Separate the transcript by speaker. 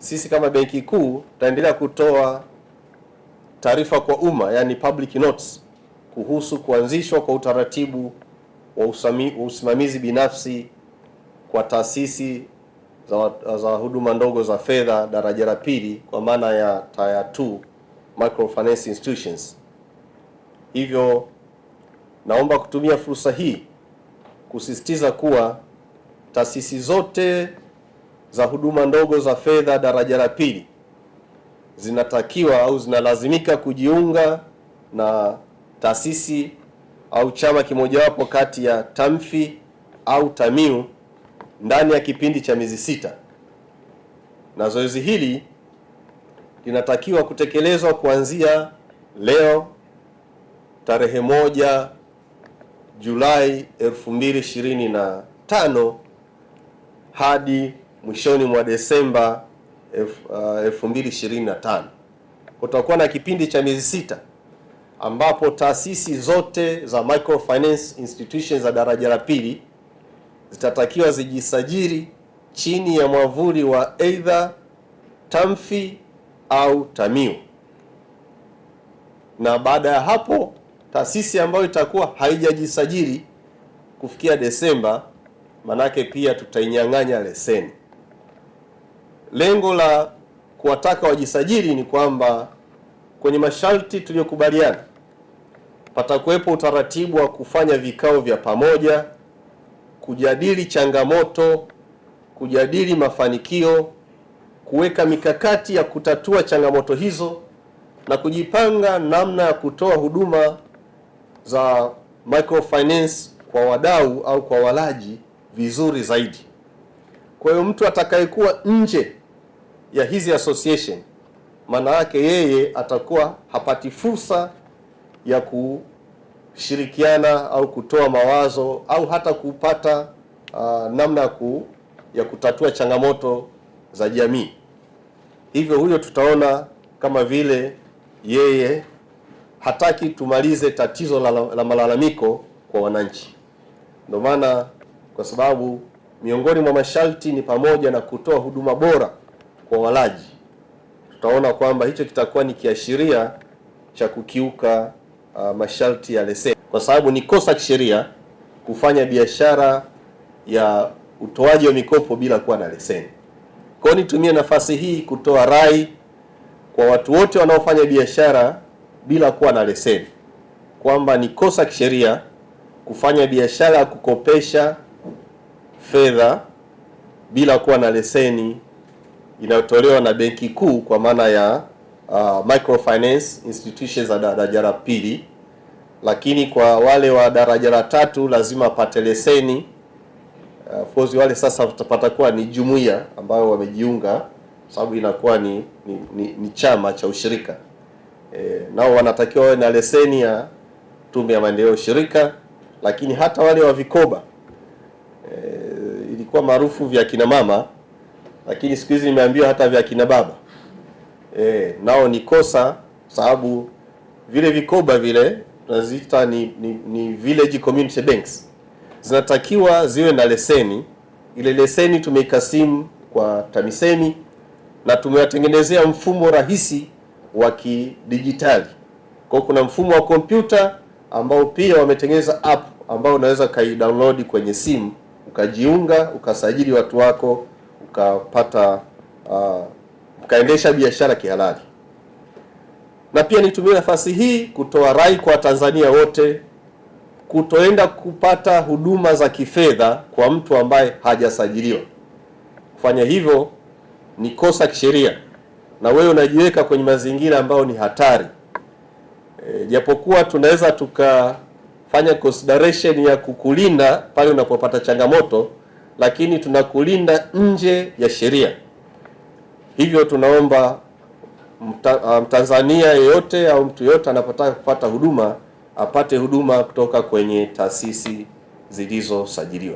Speaker 1: sisi kama Benki Kuu tutaendelea kutoa taarifa kwa umma, yani public notes, kuhusu kuanzishwa kwa utaratibu wa usimamizi binafsi kwa taasisi za, za huduma ndogo za fedha daraja la pili kwa maana ya Tier 2 microfinance institutions. Hivyo naomba kutumia fursa hii kusisitiza kuwa taasisi zote za huduma ndogo za fedha daraja la pili zinatakiwa au zinalazimika kujiunga na taasisi au chama kimojawapo kati ya TAMFI au TAMIU ndani ya kipindi cha miezi sita, na zoezi hili linatakiwa kutekelezwa kuanzia leo tarehe moja Julai 2025 hadi mwishoni mwa Desemba 2025. Uh, Kutakuwa na kipindi cha miezi sita ambapo taasisi zote za microfinance institutions za daraja la pili zitatakiwa zijisajili chini ya mwavuli wa either TAMFI au TAMIU, na baada ya hapo taasisi ambayo itakuwa haijajisajili kufikia Desemba, manake pia tutainyang'anya leseni lengo la kuwataka wajisajili ni kwamba kwenye masharti tuliyokubaliana patakuwepo utaratibu wa kufanya vikao vya pamoja, kujadili changamoto, kujadili mafanikio, kuweka mikakati ya kutatua changamoto hizo na kujipanga namna ya kutoa huduma za microfinance kwa wadau au kwa walaji vizuri zaidi. Kwa hiyo mtu atakayekuwa nje ya hizi association, maana yake yeye atakuwa hapati fursa ya kushirikiana au kutoa mawazo au hata kupata uh, namna ku, ya kutatua changamoto za jamii. Hivyo huyo tutaona kama vile yeye hataki tumalize tatizo la, la malalamiko kwa wananchi. Ndio maana kwa sababu miongoni mwa masharti ni pamoja na kutoa huduma bora kwa walaji, tutaona kwamba hicho kitakuwa ni kiashiria cha kukiuka uh, masharti ya leseni, kwa sababu ni kosa kisheria kufanya biashara ya utoaji wa mikopo bila kuwa na leseni. Kwa nitumie nafasi hii kutoa rai kwa watu wote wanaofanya biashara bila kuwa na leseni kwamba ni kosa kisheria kufanya biashara ya kukopesha fedha bila kuwa na leseni inayotolewa na Benki Kuu kwa maana ya uh, microfinance institutions za daraja la pili, lakini kwa wale wa daraja la tatu lazima apate leseni of uh, course wale sasa kuwa ni jumuiya ambayo wamejiunga, sababu inakuwa ni, ni, ni, ni chama cha ushirika e, nao wanatakiwa wawe na leseni ya Tume ya Maendeleo ya Ushirika, lakini hata wale wa vikoba e, ilikuwa maarufu vya kina mama lakini siku hizi nimeambiwa hata vya kina baba e, nao ni kosa, sababu vile vikoba vile tunaziita ni, ni, ni village community banks zinatakiwa ziwe na leseni. Ile leseni tumeikasimu kwa TAMISEMI na tumewatengenezea mfumo rahisi wa kidijitali. Kwa kuna mfumo wa kompyuta ambao pia wametengeneza app ambao unaweza ukaidownload kwenye simu ukajiunga ukasajili watu wako mkapata uh, mkaendesha biashara kihalali. Na pia nitumie nafasi hii kutoa rai kwa Watanzania wote kutoenda kupata huduma za kifedha kwa mtu ambaye hajasajiliwa. Kufanya hivyo ni kosa kisheria, na wewe unajiweka kwenye mazingira ambayo ni hatari. E, japokuwa tunaweza tukafanya consideration ya kukulinda pale unapopata changamoto lakini tunakulinda nje ya sheria. Hivyo tunaomba mta, uh, Mtanzania yeyote au mtu yeyote anapotaka kupata huduma apate huduma kutoka kwenye taasisi zilizosajiliwa.